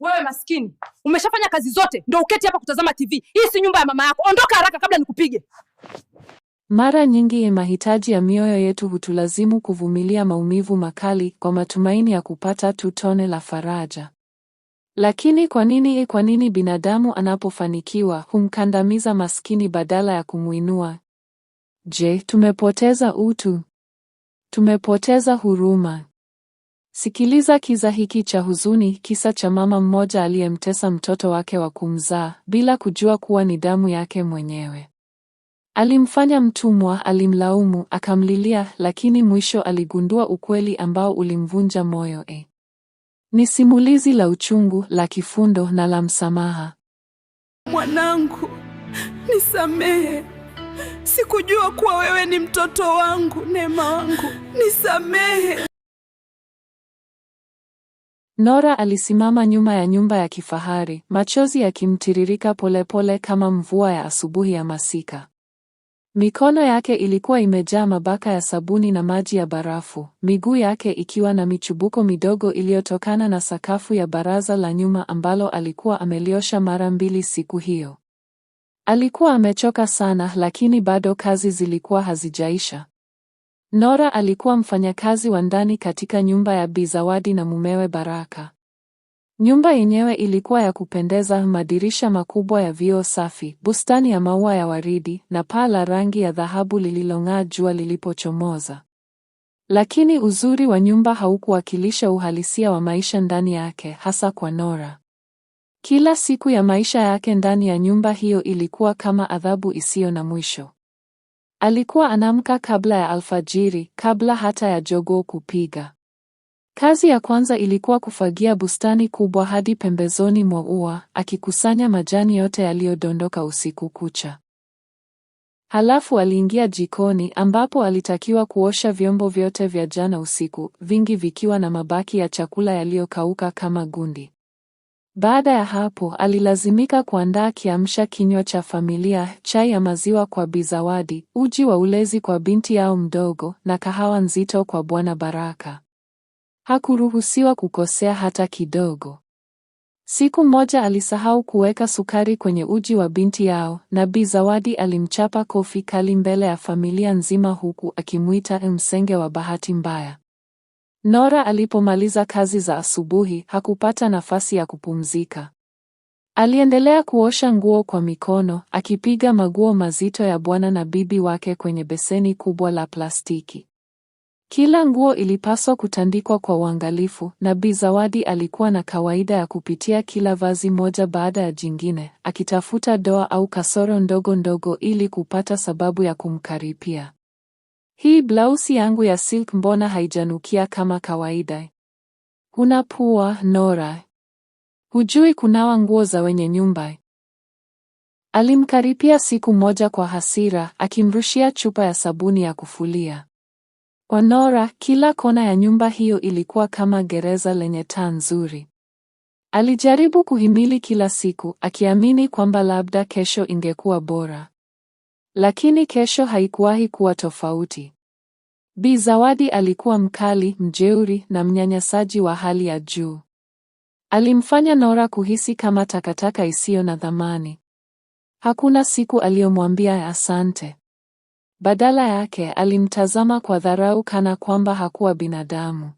Wewe maskini, umeshafanya kazi zote ndo uketi hapa kutazama TV. Hii si nyumba ya mama yako, ondoka haraka kabla nikupige. Mara nyingi mahitaji ya mioyo yetu hutulazimu kuvumilia maumivu makali kwa matumaini ya kupata tu tone la faraja. Lakini kwa nini, eh, kwa nini binadamu anapofanikiwa humkandamiza maskini badala ya kumwinua? Je, tumepoteza utu? Tumepoteza huruma? Sikiliza kisa hiki cha huzuni, kisa cha mama mmoja aliyemtesa mtoto wake wa kumzaa bila kujua kuwa ni damu yake mwenyewe. Alimfanya mtumwa, alimlaumu, akamlilia, lakini mwisho aligundua ukweli ambao ulimvunja moyo. E, ni simulizi la uchungu, la kifundo na la msamaha. Mwanangu, nisamehe, sikujua kuwa wewe ni mtoto wangu. Neema wangu, nisamehe. Nora alisimama nyuma ya nyumba ya kifahari, machozi yakimtiririka polepole kama mvua ya asubuhi ya masika. Mikono yake ilikuwa imejaa mabaka ya sabuni na maji ya barafu, miguu yake ikiwa na michubuko midogo iliyotokana na sakafu ya baraza la nyuma ambalo alikuwa ameliosha mara mbili siku hiyo. Alikuwa amechoka sana, lakini bado kazi zilikuwa hazijaisha. Nora alikuwa mfanyakazi wa ndani katika nyumba ya Bi Zawadi na mumewe Baraka. Nyumba yenyewe ilikuwa ya kupendeza, madirisha makubwa ya vioo safi, bustani ya maua ya waridi na paa la rangi ya dhahabu lililong'aa jua lilipochomoza. Lakini uzuri wa nyumba haukuwakilisha uhalisia wa maisha ndani yake, hasa kwa Nora. Kila siku ya maisha yake ndani ya nyumba hiyo ilikuwa kama adhabu isiyo na mwisho. Alikuwa anamka kabla ya alfajiri, kabla hata ya jogoo kupiga. Kazi ya kwanza ilikuwa kufagia bustani kubwa hadi pembezoni mwa ua, akikusanya majani yote yaliyodondoka usiku kucha. Halafu aliingia jikoni ambapo alitakiwa kuosha vyombo vyote vya jana usiku, vingi vikiwa na mabaki ya chakula yaliyokauka kama gundi. Baada ya hapo alilazimika kuandaa kiamsha kinywa cha familia, chai ya maziwa kwa Bi Zawadi, uji wa ulezi kwa binti yao mdogo na kahawa nzito kwa Bwana Baraka. Hakuruhusiwa kukosea hata kidogo. Siku moja alisahau kuweka sukari kwenye uji wa binti yao na Bi Zawadi alimchapa kofi kali mbele ya familia nzima huku akimuita msenge wa bahati mbaya. Nora alipomaliza kazi za asubuhi, hakupata nafasi ya kupumzika. Aliendelea kuosha nguo kwa mikono, akipiga maguo mazito ya bwana na bibi wake kwenye beseni kubwa la plastiki. Kila nguo ilipaswa kutandikwa kwa uangalifu, na Bi Zawadi alikuwa na kawaida ya kupitia kila vazi moja baada ya jingine, akitafuta doa au kasoro ndogo ndogo ili kupata sababu ya kumkaripia. Hii blausi yangu ya silk mbona haijanukia kama kawaida? Huna pua, Nora. Hujui kunawa nguo za wenye nyumba. Alimkaripia siku moja kwa hasira, akimrushia chupa ya sabuni ya kufulia. Kwa Nora, kila kona ya nyumba hiyo ilikuwa kama gereza lenye taa nzuri. Alijaribu kuhimili kila siku, akiamini kwamba labda kesho ingekuwa bora. Lakini kesho haikuwahi kuwa tofauti. Bi Zawadi alikuwa mkali, mjeuri na mnyanyasaji wa hali ya juu. Alimfanya Nora kuhisi kama takataka isiyo na thamani. Hakuna siku aliyomwambia asante. Badala yake alimtazama kwa dharau kana kwamba hakuwa binadamu.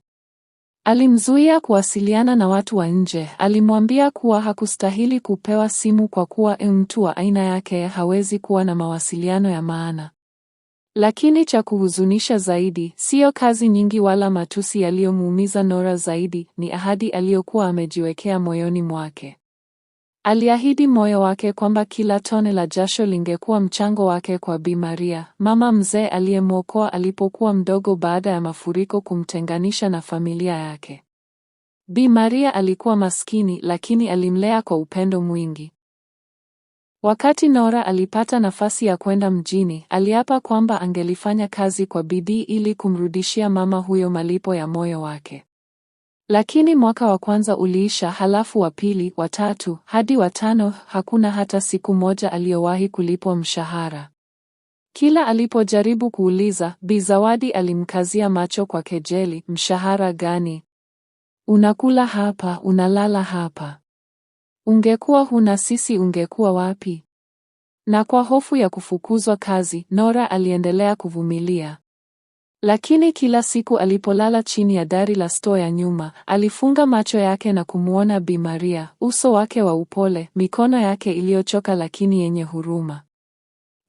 Alimzuia kuwasiliana na watu wa nje. Alimwambia kuwa hakustahili kupewa simu kwa kuwa mtu wa aina yake hawezi kuwa na mawasiliano ya maana. Lakini cha kuhuzunisha zaidi, siyo kazi nyingi wala matusi yaliyomuumiza Nora zaidi, ni ahadi aliyokuwa amejiwekea moyoni mwake. Aliahidi moyo wake kwamba kila tone la jasho lingekuwa mchango wake kwa Bi Maria, mama mzee aliyemwokoa alipokuwa mdogo baada ya mafuriko kumtenganisha na familia yake. Bi Maria alikuwa maskini lakini alimlea kwa upendo mwingi. Wakati Nora alipata nafasi ya kwenda mjini, aliapa kwamba angelifanya kazi kwa bidii ili kumrudishia mama huyo malipo ya moyo wake. Lakini mwaka wa kwanza uliisha, halafu wa pili, wa tatu hadi wa tano, hakuna hata siku moja aliyowahi kulipwa mshahara. Kila alipojaribu kuuliza, Bi Zawadi alimkazia macho kwa kejeli, mshahara gani? Unakula hapa, unalala hapa. Ungekuwa huna sisi ungekuwa wapi? Na kwa hofu ya kufukuzwa kazi, Nora aliendelea kuvumilia. Lakini kila siku alipolala chini ya dari la stoo ya nyuma, alifunga macho yake na kumwona Bi Maria, uso wake wa upole, mikono yake iliyochoka lakini yenye huruma.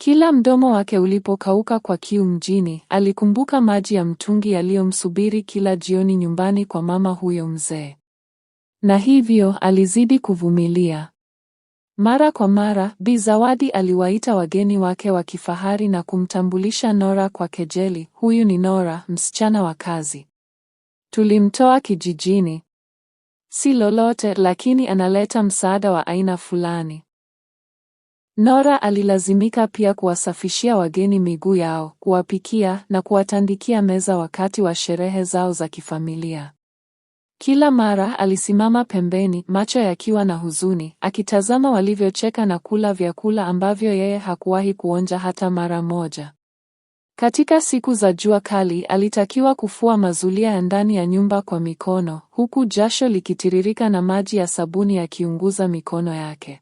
Kila mdomo wake ulipokauka kwa kiu mjini, alikumbuka maji ya mtungi yaliyomsubiri kila jioni nyumbani kwa mama huyo mzee. Na hivyo alizidi kuvumilia. Mara kwa mara, Bi Zawadi aliwaita wageni wake wa kifahari na kumtambulisha Nora kwa kejeli, huyu ni Nora, msichana wa kazi. Tulimtoa kijijini. Si lolote lakini analeta msaada wa aina fulani. Nora alilazimika pia kuwasafishia wageni miguu yao, kuwapikia na kuwatandikia meza wakati wa sherehe zao za kifamilia. Kila mara alisimama pembeni, macho yakiwa na huzuni, akitazama walivyocheka na kula vyakula ambavyo yeye hakuwahi kuonja hata mara moja. Katika siku za jua kali, alitakiwa kufua mazulia ya ndani ya nyumba kwa mikono, huku jasho likitiririka na maji ya sabuni yakiunguza mikono yake.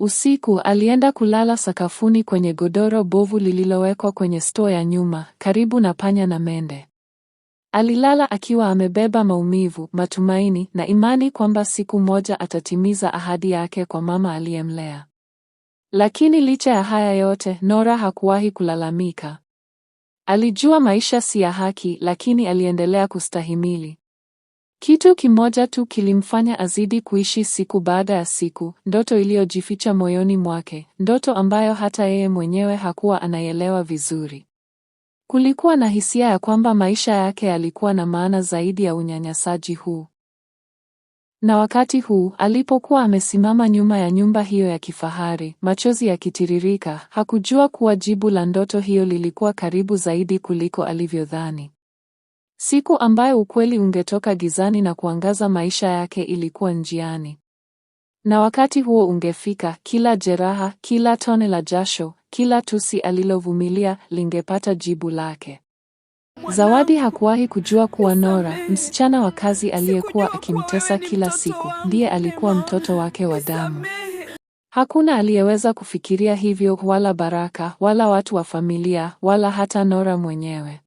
Usiku alienda kulala sakafuni kwenye godoro bovu lililowekwa kwenye stoo ya nyuma, karibu na panya na mende. Alilala akiwa amebeba maumivu, matumaini na imani kwamba siku moja atatimiza ahadi yake kwa mama aliyemlea. Lakini licha ya haya yote, Nora hakuwahi kulalamika. Alijua maisha si ya haki, lakini aliendelea kustahimili. Kitu kimoja tu kilimfanya azidi kuishi siku baada ya siku, ndoto iliyojificha moyoni mwake, ndoto ambayo hata yeye mwenyewe hakuwa anaielewa vizuri. Kulikuwa na hisia ya kwamba maisha yake yalikuwa na maana zaidi ya unyanyasaji huu. Na wakati huu, alipokuwa amesimama nyuma ya nyumba hiyo ya kifahari, machozi yakitiririka, hakujua kuwa jibu la ndoto hiyo lilikuwa karibu zaidi kuliko alivyodhani. Siku ambayo ukweli ungetoka gizani na kuangaza maisha yake ilikuwa njiani. Na wakati huo ungefika, kila jeraha, kila tone la jasho, kila tusi alilovumilia lingepata jibu lake. Zawadi hakuwahi kujua kuwa Nora, msichana wa kazi aliyekuwa akimtesa kila siku, ndiye alikuwa mtoto wake wa damu. Hakuna aliyeweza kufikiria hivyo, wala Baraka, wala watu wa familia, wala hata Nora mwenyewe.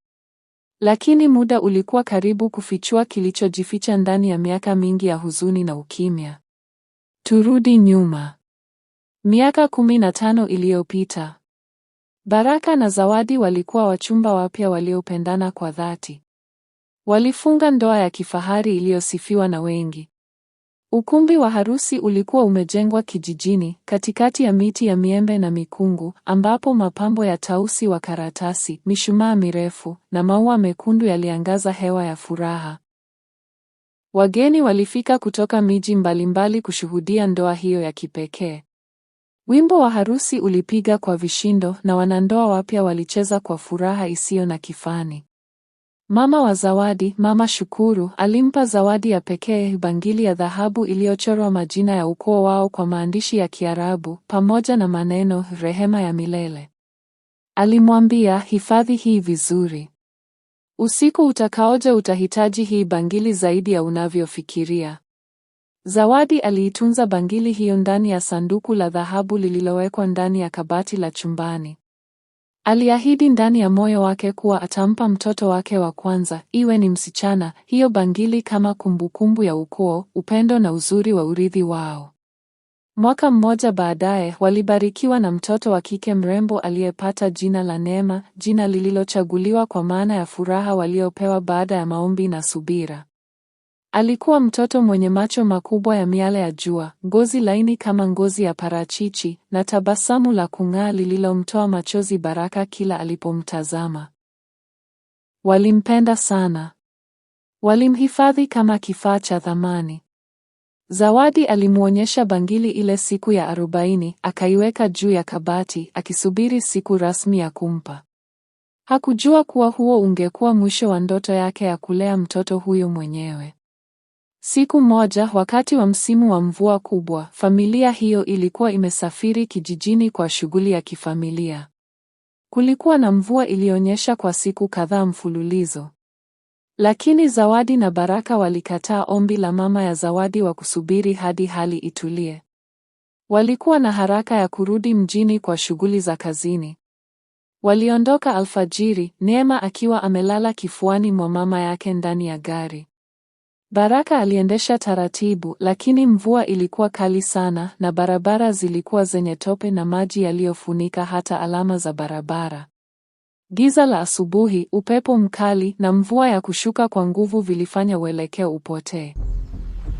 Lakini muda ulikuwa karibu kufichua kilichojificha ndani ya miaka mingi ya huzuni na ukimya. Turudi nyuma. Miaka kumi na tano iliyopita, Baraka na Zawadi walikuwa wachumba wapya waliopendana kwa dhati. Walifunga ndoa ya kifahari iliyosifiwa na wengi. Ukumbi wa harusi ulikuwa umejengwa kijijini, katikati ya miti ya miembe na mikungu, ambapo mapambo ya tausi wa karatasi, mishumaa mirefu na maua mekundu yaliangaza hewa ya furaha. Wageni walifika kutoka miji mbalimbali kushuhudia ndoa hiyo ya kipekee. Wimbo wa harusi ulipiga kwa vishindo na wanandoa wapya walicheza kwa furaha isiyo na kifani. Mama wa zawadi, Mama Shukuru, alimpa zawadi ya pekee, bangili ya dhahabu iliyochorwa majina ya ukoo wao kwa maandishi ya Kiarabu pamoja na maneno rehema ya milele. Alimwambia, hifadhi hii vizuri. Usiku utakaoja utahitaji hii bangili zaidi ya unavyofikiria. Zawadi aliitunza bangili hiyo ndani ya sanduku la dhahabu lililowekwa ndani ya kabati la chumbani. Aliahidi ndani ya moyo wake kuwa atampa mtoto wake wa kwanza, iwe ni msichana, hiyo bangili kama kumbukumbu ya ukoo, upendo na uzuri wa urithi wao. Mwaka mmoja baadaye, walibarikiwa na mtoto wa kike mrembo aliyepata jina la Neema, jina lililochaguliwa kwa maana ya furaha waliopewa baada ya maombi na subira. Alikuwa mtoto mwenye macho makubwa ya miale ya jua, ngozi laini kama ngozi ya parachichi, na tabasamu la kung'aa lililomtoa machozi Baraka kila alipomtazama. Walimpenda sana. Walimhifadhi kama kifaa cha thamani. Zawadi alimwonyesha bangili ile siku ya arobaini, akaiweka juu ya kabati akisubiri siku rasmi ya kumpa. Hakujua kuwa huo ungekuwa mwisho wa ndoto yake ya kulea mtoto huyo mwenyewe. Siku moja wakati wa msimu wa mvua kubwa, familia hiyo ilikuwa imesafiri kijijini kwa shughuli ya kifamilia. Kulikuwa na mvua iliyonyesha kwa siku kadhaa mfululizo. Lakini Zawadi na Baraka walikataa ombi la mama ya Zawadi wa kusubiri hadi hali itulie. Walikuwa na haraka ya kurudi mjini kwa shughuli za kazini. Waliondoka alfajiri, Neema akiwa amelala kifuani mwa mama yake ndani ya gari. Baraka aliendesha taratibu, lakini mvua ilikuwa kali sana na barabara zilikuwa zenye tope na maji yaliyofunika hata alama za barabara. Giza la asubuhi, upepo mkali na mvua ya kushuka kwa nguvu vilifanya uelekeo upotee.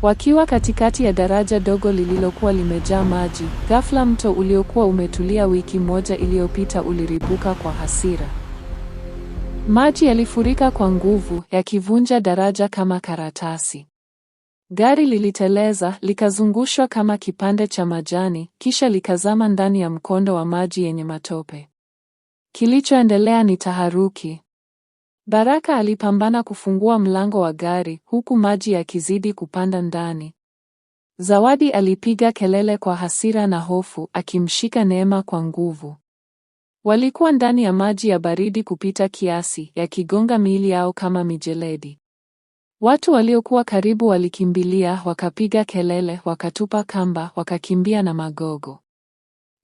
Wakiwa katikati ya daraja dogo lililokuwa limejaa maji, ghafla mto uliokuwa umetulia wiki moja iliyopita uliribuka kwa hasira. Maji yalifurika kwa nguvu, yakivunja daraja kama karatasi. Gari liliteleza, likazungushwa kama kipande cha majani, kisha likazama ndani ya mkondo wa maji yenye matope. Kilichoendelea ni taharuki. Baraka alipambana kufungua mlango wa gari, huku maji yakizidi kupanda ndani. Zawadi alipiga kelele kwa hasira na hofu, akimshika Neema kwa nguvu. Walikuwa ndani ya maji ya baridi kupita kiasi, yakigonga miili yao kama mijeledi. Watu waliokuwa karibu walikimbilia, wakapiga kelele, wakatupa kamba, wakakimbia na magogo.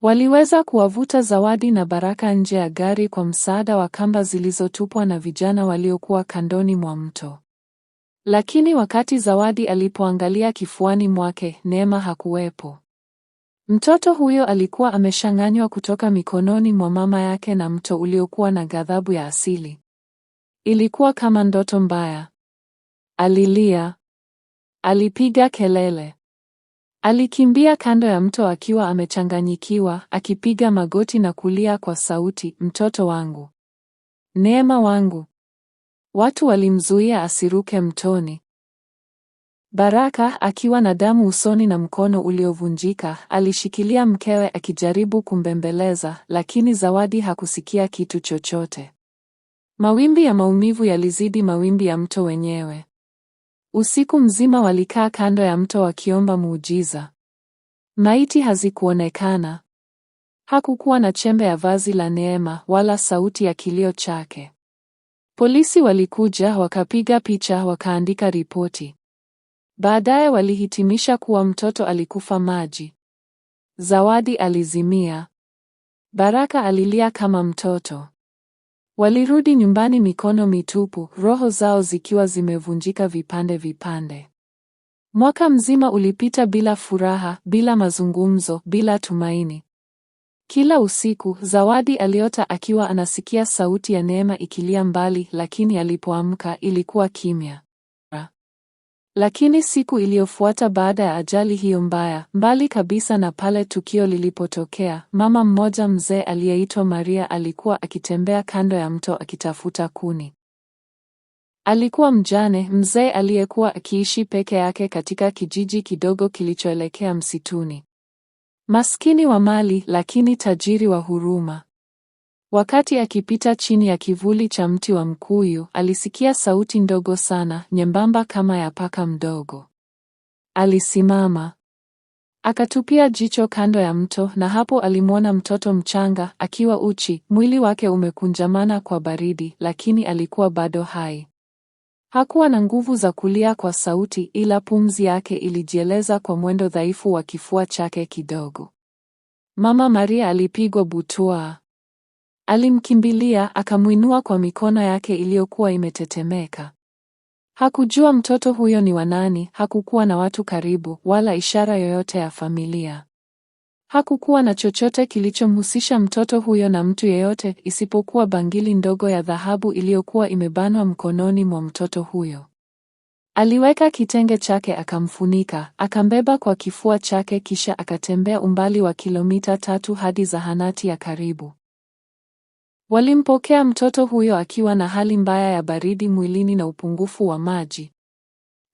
Waliweza kuwavuta Zawadi na Baraka nje ya gari kwa msaada wa kamba zilizotupwa na vijana waliokuwa kandoni mwa mto. Lakini wakati Zawadi alipoangalia kifuani mwake, Neema hakuwepo. Mtoto huyo alikuwa ameshang'anywa kutoka mikononi mwa mama yake na mto uliokuwa na ghadhabu ya asili. Ilikuwa kama ndoto mbaya. Alilia. Alipiga kelele. Alikimbia kando ya mto akiwa amechanganyikiwa, akipiga magoti na kulia kwa sauti, mtoto wangu. Neema wangu. Watu walimzuia asiruke mtoni. Baraka akiwa na damu usoni na mkono uliovunjika, alishikilia mkewe akijaribu kumbembeleza, lakini Zawadi hakusikia kitu chochote. Mawimbi ya maumivu yalizidi mawimbi ya mto wenyewe. Usiku mzima walikaa kando ya mto wakiomba muujiza. Maiti hazikuonekana. Hakukuwa na chembe ya vazi la Neema wala sauti ya kilio chake. Polisi walikuja, wakapiga picha, wakaandika ripoti. Baadaye walihitimisha kuwa mtoto alikufa maji. Zawadi alizimia. Baraka alilia kama mtoto. Walirudi nyumbani mikono mitupu, roho zao zikiwa zimevunjika vipande vipande. Mwaka mzima ulipita bila furaha, bila mazungumzo, bila tumaini. Kila usiku Zawadi aliota akiwa anasikia sauti ya Neema ikilia mbali, lakini alipoamka ilikuwa kimya. Lakini siku iliyofuata baada ya ajali hiyo mbaya, mbali kabisa na pale tukio lilipotokea, mama mmoja mzee aliyeitwa Maria alikuwa akitembea kando ya mto akitafuta kuni. Alikuwa mjane, mzee aliyekuwa akiishi peke yake katika kijiji kidogo kilichoelekea msituni. Maskini wa mali lakini tajiri wa huruma. Wakati akipita chini ya kivuli cha mti wa mkuyu, alisikia sauti ndogo sana, nyembamba kama ya paka mdogo. Alisimama. Akatupia jicho kando ya mto na hapo alimwona mtoto mchanga akiwa uchi, mwili wake umekunjamana kwa baridi, lakini alikuwa bado hai. Hakuwa na nguvu za kulia kwa sauti, ila pumzi yake ilijieleza kwa mwendo dhaifu wa kifua chake kidogo. Mama Maria alipigwa butwaa. Alimkimbilia akamwinua kwa mikono yake iliyokuwa imetetemeka. Hakujua mtoto huyo ni wa nani, hakukuwa na watu karibu wala ishara yoyote ya familia. Hakukuwa na chochote kilichomhusisha mtoto huyo na mtu yeyote isipokuwa bangili ndogo ya dhahabu iliyokuwa imebanwa mkononi mwa mtoto huyo. Aliweka kitenge chake akamfunika, akambeba kwa kifua chake kisha akatembea umbali wa kilomita tatu hadi zahanati ya karibu. Walimpokea mtoto huyo akiwa na hali mbaya ya baridi mwilini na upungufu wa maji.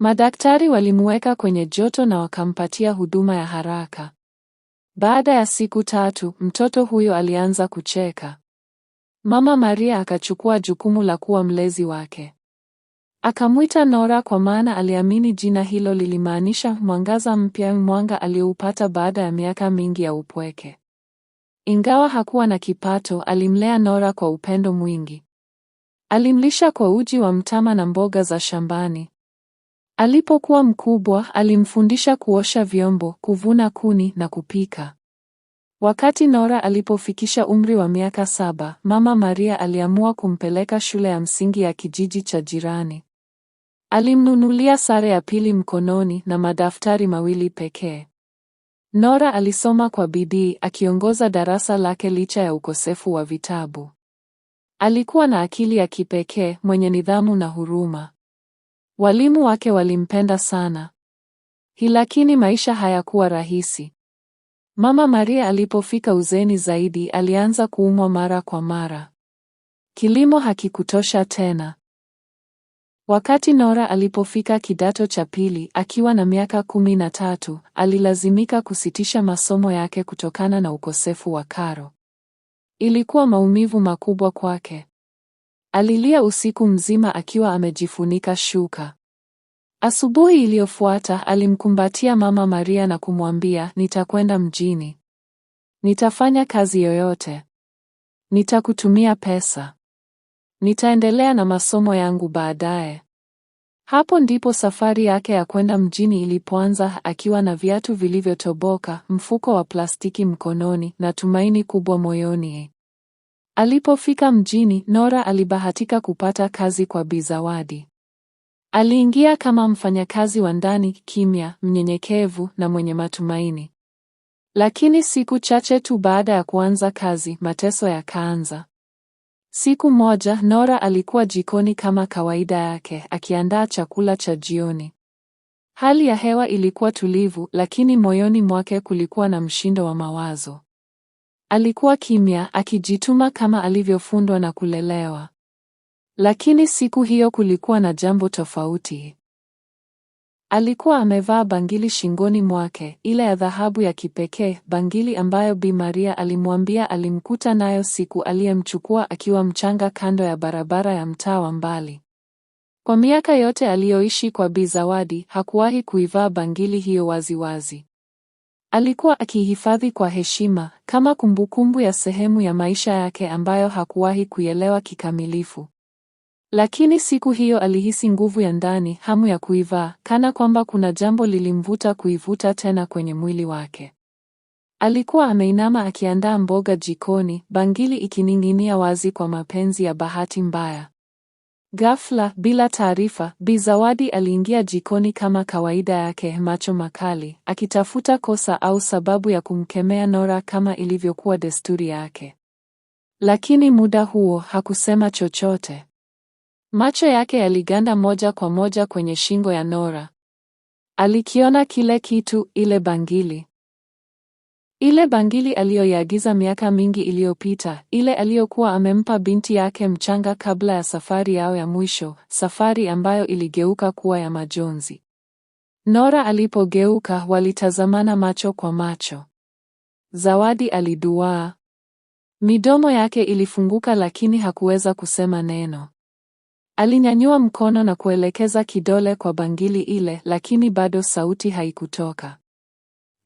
Madaktari walimweka kwenye joto na wakampatia huduma ya haraka. Baada ya siku tatu, mtoto huyo alianza kucheka. Mama Maria akachukua jukumu la kuwa mlezi wake. Akamwita Nora kwa maana aliamini jina hilo lilimaanisha mwangaza mpya, mwanga alioupata baada ya miaka mingi ya upweke. Ingawa hakuwa na kipato, alimlea Nora kwa upendo mwingi. Alimlisha kwa uji wa mtama na mboga za shambani. Alipokuwa mkubwa, alimfundisha kuosha vyombo, kuvuna kuni na kupika. Wakati Nora alipofikisha umri wa miaka saba, Mama Maria aliamua kumpeleka shule ya msingi ya kijiji cha jirani. Alimnunulia sare ya pili mkononi na madaftari mawili pekee. Nora alisoma kwa bidii akiongoza darasa lake licha ya ukosefu wa vitabu. Alikuwa na akili ya kipekee, mwenye nidhamu na huruma. Walimu wake walimpenda sana. Hilakini maisha hayakuwa rahisi. Mama Maria alipofika uzeni zaidi, alianza kuumwa mara kwa mara. Kilimo hakikutosha tena. Wakati Nora alipofika kidato cha pili akiwa na miaka kumi na tatu, alilazimika kusitisha masomo yake kutokana na ukosefu wa karo. Ilikuwa maumivu makubwa kwake. Alilia usiku mzima akiwa amejifunika shuka. Asubuhi iliyofuata alimkumbatia Mama Maria na kumwambia, nitakwenda mjini, nitafanya kazi yoyote, nitakutumia pesa. Nitaendelea na masomo yangu baadaye. Hapo ndipo safari yake ya kwenda mjini ilipoanza, akiwa na viatu vilivyotoboka, mfuko wa plastiki mkononi na tumaini kubwa moyoni. Alipofika mjini, Nora alibahatika kupata kazi kwa Bi Zawadi. Aliingia kama mfanyakazi wa ndani, kimya, mnyenyekevu na mwenye matumaini. Lakini siku chache tu baada ya kuanza kazi, mateso yakaanza. Siku moja Nora alikuwa jikoni kama kawaida yake akiandaa chakula cha jioni. Hali ya hewa ilikuwa tulivu, lakini moyoni mwake kulikuwa na mshindo wa mawazo. Alikuwa kimya akijituma kama alivyofundwa na kulelewa. Lakini siku hiyo kulikuwa na jambo tofauti. Alikuwa amevaa bangili shingoni mwake, ile ya dhahabu ya kipekee, bangili ambayo Bi Maria alimwambia alimkuta nayo siku aliyemchukua akiwa mchanga kando ya barabara ya mtaa wa mbali. Kwa miaka yote aliyoishi kwa Bi Zawadi, hakuwahi kuivaa bangili hiyo waziwazi. Alikuwa akihifadhi kwa heshima, kama kumbukumbu ya sehemu ya maisha yake ambayo hakuwahi kuielewa kikamilifu. Lakini siku hiyo alihisi nguvu ya ndani, hamu ya kuivaa, kana kwamba kuna jambo lilimvuta kuivuta tena kwenye mwili wake. Alikuwa ameinama akiandaa mboga jikoni, bangili ikining'inia wazi kwa mapenzi ya bahati mbaya. Ghafla, bila taarifa, Bi Zawadi aliingia jikoni kama kawaida yake, macho makali, akitafuta kosa au sababu ya kumkemea Nora kama ilivyokuwa desturi yake. Lakini muda huo hakusema chochote. Macho yake yaliganda moja kwa moja kwenye shingo ya Nora. Alikiona kile kitu, ile bangili, ile bangili aliyoiagiza miaka mingi iliyopita, ile aliyokuwa amempa binti yake mchanga kabla ya safari yao ya mwisho, safari ambayo iligeuka kuwa ya majonzi. Nora alipogeuka, walitazamana macho kwa macho. Zawadi aliduaa, midomo yake ilifunguka, lakini hakuweza kusema neno. Alinyanyua mkono na kuelekeza kidole kwa bangili ile, lakini bado sauti haikutoka.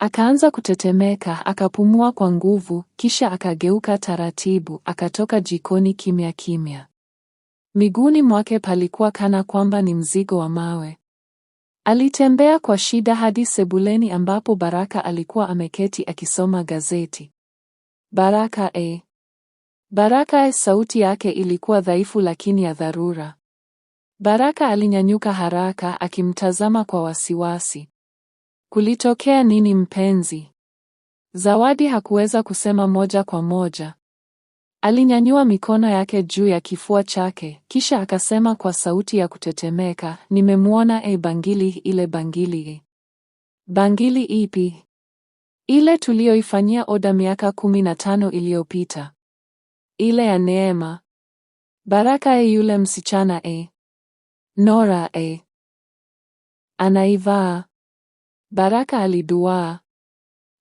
Akaanza kutetemeka, akapumua kwa nguvu, kisha akageuka taratibu, akatoka jikoni kimya kimya. Miguuni mwake palikuwa kana kwamba ni mzigo wa mawe. Alitembea kwa shida hadi sebuleni ambapo Baraka alikuwa ameketi akisoma gazeti. Baraka e. Baraka e, sauti yake ilikuwa dhaifu lakini ya dharura. Baraka alinyanyuka haraka akimtazama kwa wasiwasi. Kulitokea nini mpenzi? Zawadi hakuweza kusema moja kwa moja. Alinyanyua mikono yake juu ya kifua chake, kisha akasema kwa sauti ya kutetemeka, nimemwona e, bangili ile, bangili e. Bangili ipi? Ile tuliyoifanyia oda miaka kumi na tano iliyopita, ile ya Neema. Baraka e, yule msichana e Nora e. Anaivaa. Baraka aliduaa.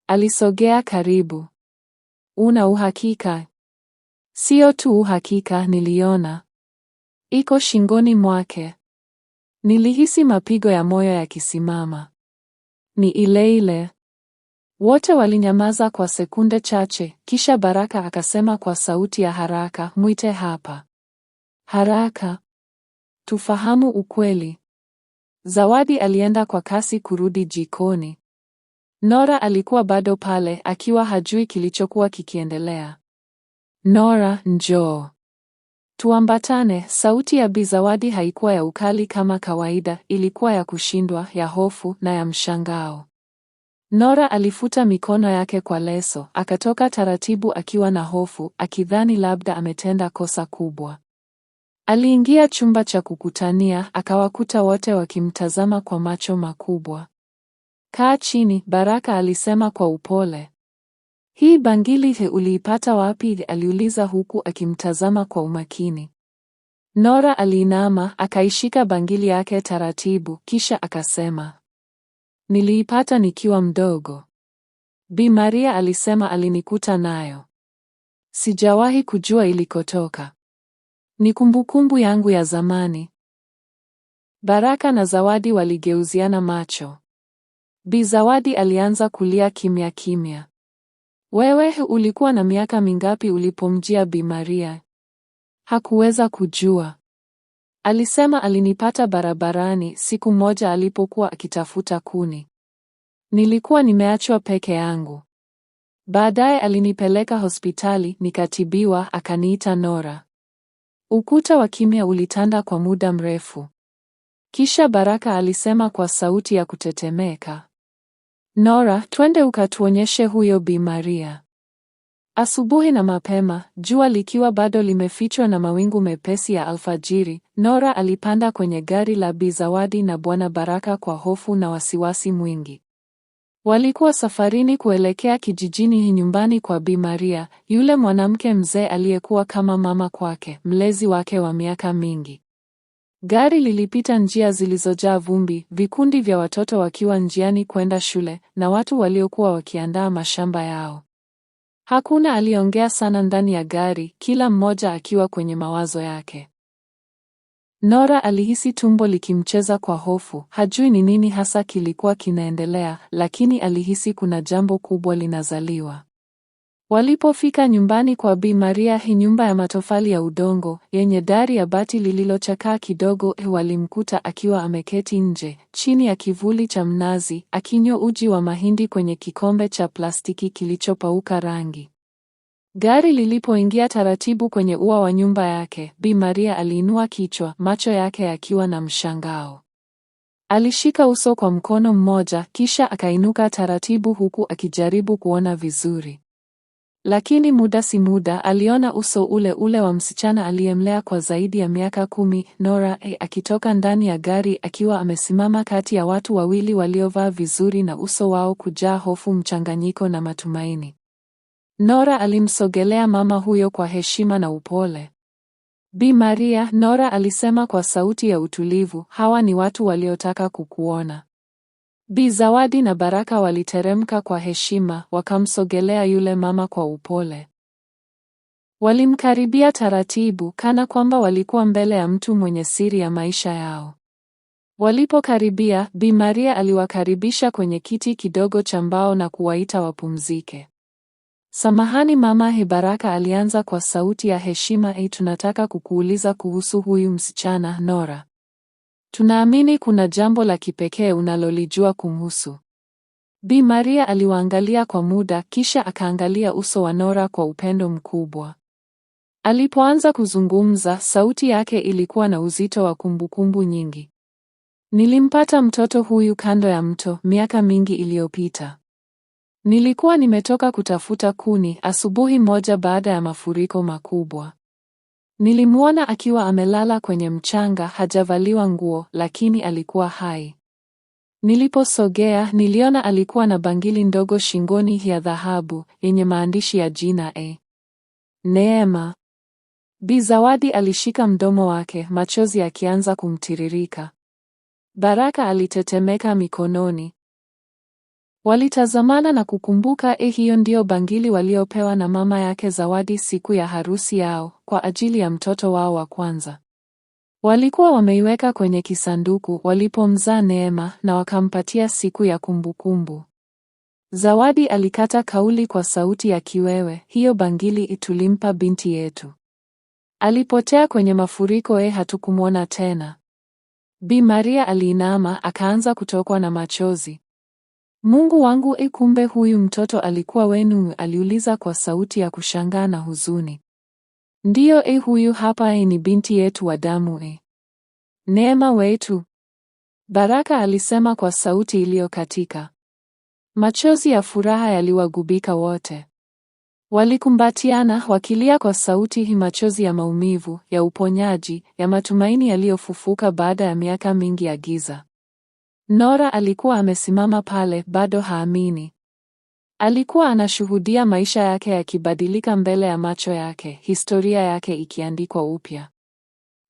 Alisogea karibu. Una uhakika? Sio tu uhakika, niliona. Iko shingoni mwake. Nilihisi mapigo ya moyo yakisimama. Ni ile ile. Wote walinyamaza kwa sekunde chache, kisha Baraka akasema kwa sauti ya haraka, mwite hapa. Haraka. Tufahamu ukweli. Zawadi alienda kwa kasi kurudi jikoni. Nora alikuwa bado pale akiwa hajui kilichokuwa kikiendelea. Nora, njoo. Tuambatane. Sauti ya Bi Zawadi haikuwa ya ukali kama kawaida, ilikuwa ya kushindwa, ya hofu na ya mshangao. Nora alifuta mikono yake kwa leso, akatoka taratibu akiwa na hofu, akidhani labda ametenda kosa kubwa. Aliingia chumba cha kukutania, akawakuta wote wakimtazama kwa macho makubwa. Kaa chini, Baraka alisema kwa upole. Hii bangili he uliipata wapi? aliuliza huku akimtazama kwa umakini. Nora aliinama, akaishika bangili yake taratibu, kisha akasema, niliipata nikiwa mdogo. Bi Maria alisema alinikuta nayo. Sijawahi kujua ilikotoka. Ni kumbukumbu yangu ya zamani. Baraka na Zawadi waligeuziana macho. Bi Zawadi alianza kulia kimya kimya. Wewe ulikuwa na miaka mingapi ulipomjia Bi Maria? Hakuweza kujua. Alisema alinipata barabarani siku moja alipokuwa akitafuta kuni. Nilikuwa nimeachwa peke yangu. Baadaye alinipeleka hospitali nikatibiwa, akaniita Nora. Ukuta wa kimya ulitanda kwa muda mrefu. Kisha Baraka alisema kwa sauti ya kutetemeka, Nora, twende ukatuonyeshe huyo Bi Maria. Asubuhi na mapema, jua likiwa bado limefichwa na mawingu mepesi ya alfajiri, Nora alipanda kwenye gari la Bi Zawadi na Bwana Baraka kwa hofu na wasiwasi mwingi. Walikuwa safarini kuelekea kijijini nyumbani kwa Bi Maria, yule mwanamke mzee aliyekuwa kama mama kwake, mlezi wake wa miaka mingi. Gari lilipita njia zilizojaa vumbi, vikundi vya watoto wakiwa njiani kwenda shule na watu waliokuwa wakiandaa mashamba yao. Hakuna aliongea sana ndani ya gari, kila mmoja akiwa kwenye mawazo yake. Nora alihisi tumbo likimcheza kwa hofu. Hajui ni nini hasa kilikuwa kinaendelea, lakini alihisi kuna jambo kubwa linazaliwa. Walipofika nyumbani kwa Bi Maria, hii nyumba ya matofali ya udongo yenye dari ya bati lililochakaa kidogo, eh, walimkuta akiwa ameketi nje chini ya kivuli cha mnazi, akinywa uji wa mahindi kwenye kikombe cha plastiki kilichopauka rangi. Gari lilipoingia taratibu kwenye ua wa nyumba yake, Bi Maria aliinua kichwa, macho yake yakiwa na mshangao. Alishika uso kwa mkono mmoja, kisha akainuka taratibu huku akijaribu kuona vizuri. Lakini muda si muda aliona uso ule ule wa msichana aliyemlea kwa zaidi ya miaka kumi, Nora, eh, akitoka ndani ya gari akiwa amesimama kati ya watu wawili waliovaa vizuri na uso wao kujaa hofu mchanganyiko na matumaini. Nora alimsogelea mama huyo kwa heshima na upole. Bi Maria, Nora alisema kwa sauti ya utulivu, hawa ni watu waliotaka kukuona. Bi Zawadi na Baraka waliteremka kwa heshima, wakamsogelea yule mama kwa upole. Walimkaribia taratibu kana kwamba walikuwa mbele ya mtu mwenye siri ya maisha yao. Walipokaribia, Bi Maria aliwakaribisha kwenye kiti kidogo cha mbao na kuwaita wapumzike. Samahani mama, Hibaraka alianza kwa sauti ya heshima. E, tunataka kukuuliza kuhusu huyu msichana Nora. Tunaamini kuna jambo la kipekee unalolijua kumhusu. Bi Maria aliwaangalia kwa muda, kisha akaangalia uso wa Nora kwa upendo mkubwa. Alipoanza kuzungumza, sauti yake ilikuwa na uzito wa kumbukumbu nyingi. Nilimpata mtoto huyu kando ya mto miaka mingi iliyopita. Nilikuwa nimetoka kutafuta kuni asubuhi moja baada ya mafuriko makubwa. Nilimwona akiwa amelala kwenye mchanga, hajavaliwa nguo, lakini alikuwa hai. Niliposogea, niliona alikuwa na bangili ndogo shingoni ya dhahabu yenye maandishi ya jina e Neema. Bi Zawadi alishika mdomo wake, machozi yakianza kumtiririka. Baraka alitetemeka mikononi. Walitazamana na kukumbuka, eh, hiyo ndiyo bangili waliopewa na mama yake Zawadi siku ya harusi yao kwa ajili ya mtoto wao wa kwanza. Walikuwa wameiweka kwenye kisanduku walipomzaa Neema na wakampatia siku ya kumbukumbu. Zawadi alikata kauli kwa sauti ya kiwewe, hiyo bangili tulimpa binti yetu. Alipotea kwenye mafuriko, eh, hatukumwona tena. Bi Maria aliinama akaanza kutokwa na machozi. Mungu wangu, ikumbe kumbe huyu mtoto alikuwa wenu? aliuliza kwa sauti ya kushangaa na huzuni. Ndiyo, e, huyu hapa, e, ni binti yetu wa damu, e, Neema wetu, Baraka alisema kwa sauti iliyokatika. Machozi ya furaha yaliwagubika wote. Walikumbatiana wakilia kwa sauti hii, machozi ya maumivu, ya uponyaji, ya matumaini yaliyofufuka baada ya miaka mingi ya giza. Nora alikuwa amesimama pale, bado haamini. Alikuwa anashuhudia maisha yake yakibadilika mbele ya macho yake, historia yake ikiandikwa upya.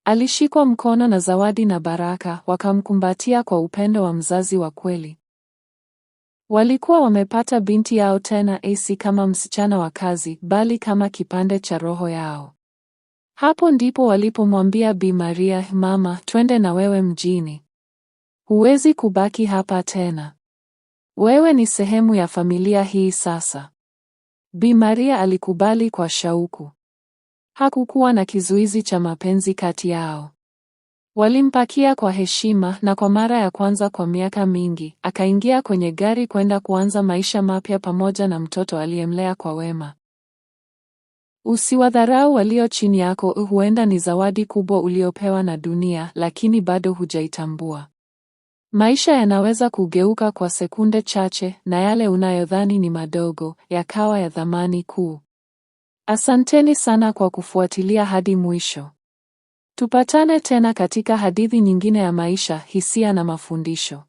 Alishikwa mkono na Zawadi na Baraka, wakamkumbatia kwa upendo wa mzazi wa kweli. Walikuwa wamepata binti yao tena, Esi kama msichana wa kazi, bali kama kipande cha roho yao. Hapo ndipo walipomwambia Bi Maria, mama, twende na wewe mjini. Huwezi kubaki hapa tena. Wewe ni sehemu ya familia hii sasa. Bi Maria alikubali kwa shauku. Hakukuwa na kizuizi cha mapenzi kati yao. Walimpakia kwa heshima na kwa mara ya kwanza kwa miaka mingi, akaingia kwenye gari kwenda kuanza maisha mapya pamoja na mtoto aliyemlea kwa wema. Usiwadharau walio chini yako, huenda ni zawadi kubwa uliopewa na dunia, lakini bado hujaitambua. Maisha yanaweza kugeuka kwa sekunde chache na yale unayodhani ni madogo yakawa ya thamani kuu. Asanteni sana kwa kufuatilia hadi mwisho. Tupatane tena katika hadithi nyingine ya maisha, hisia na mafundisho.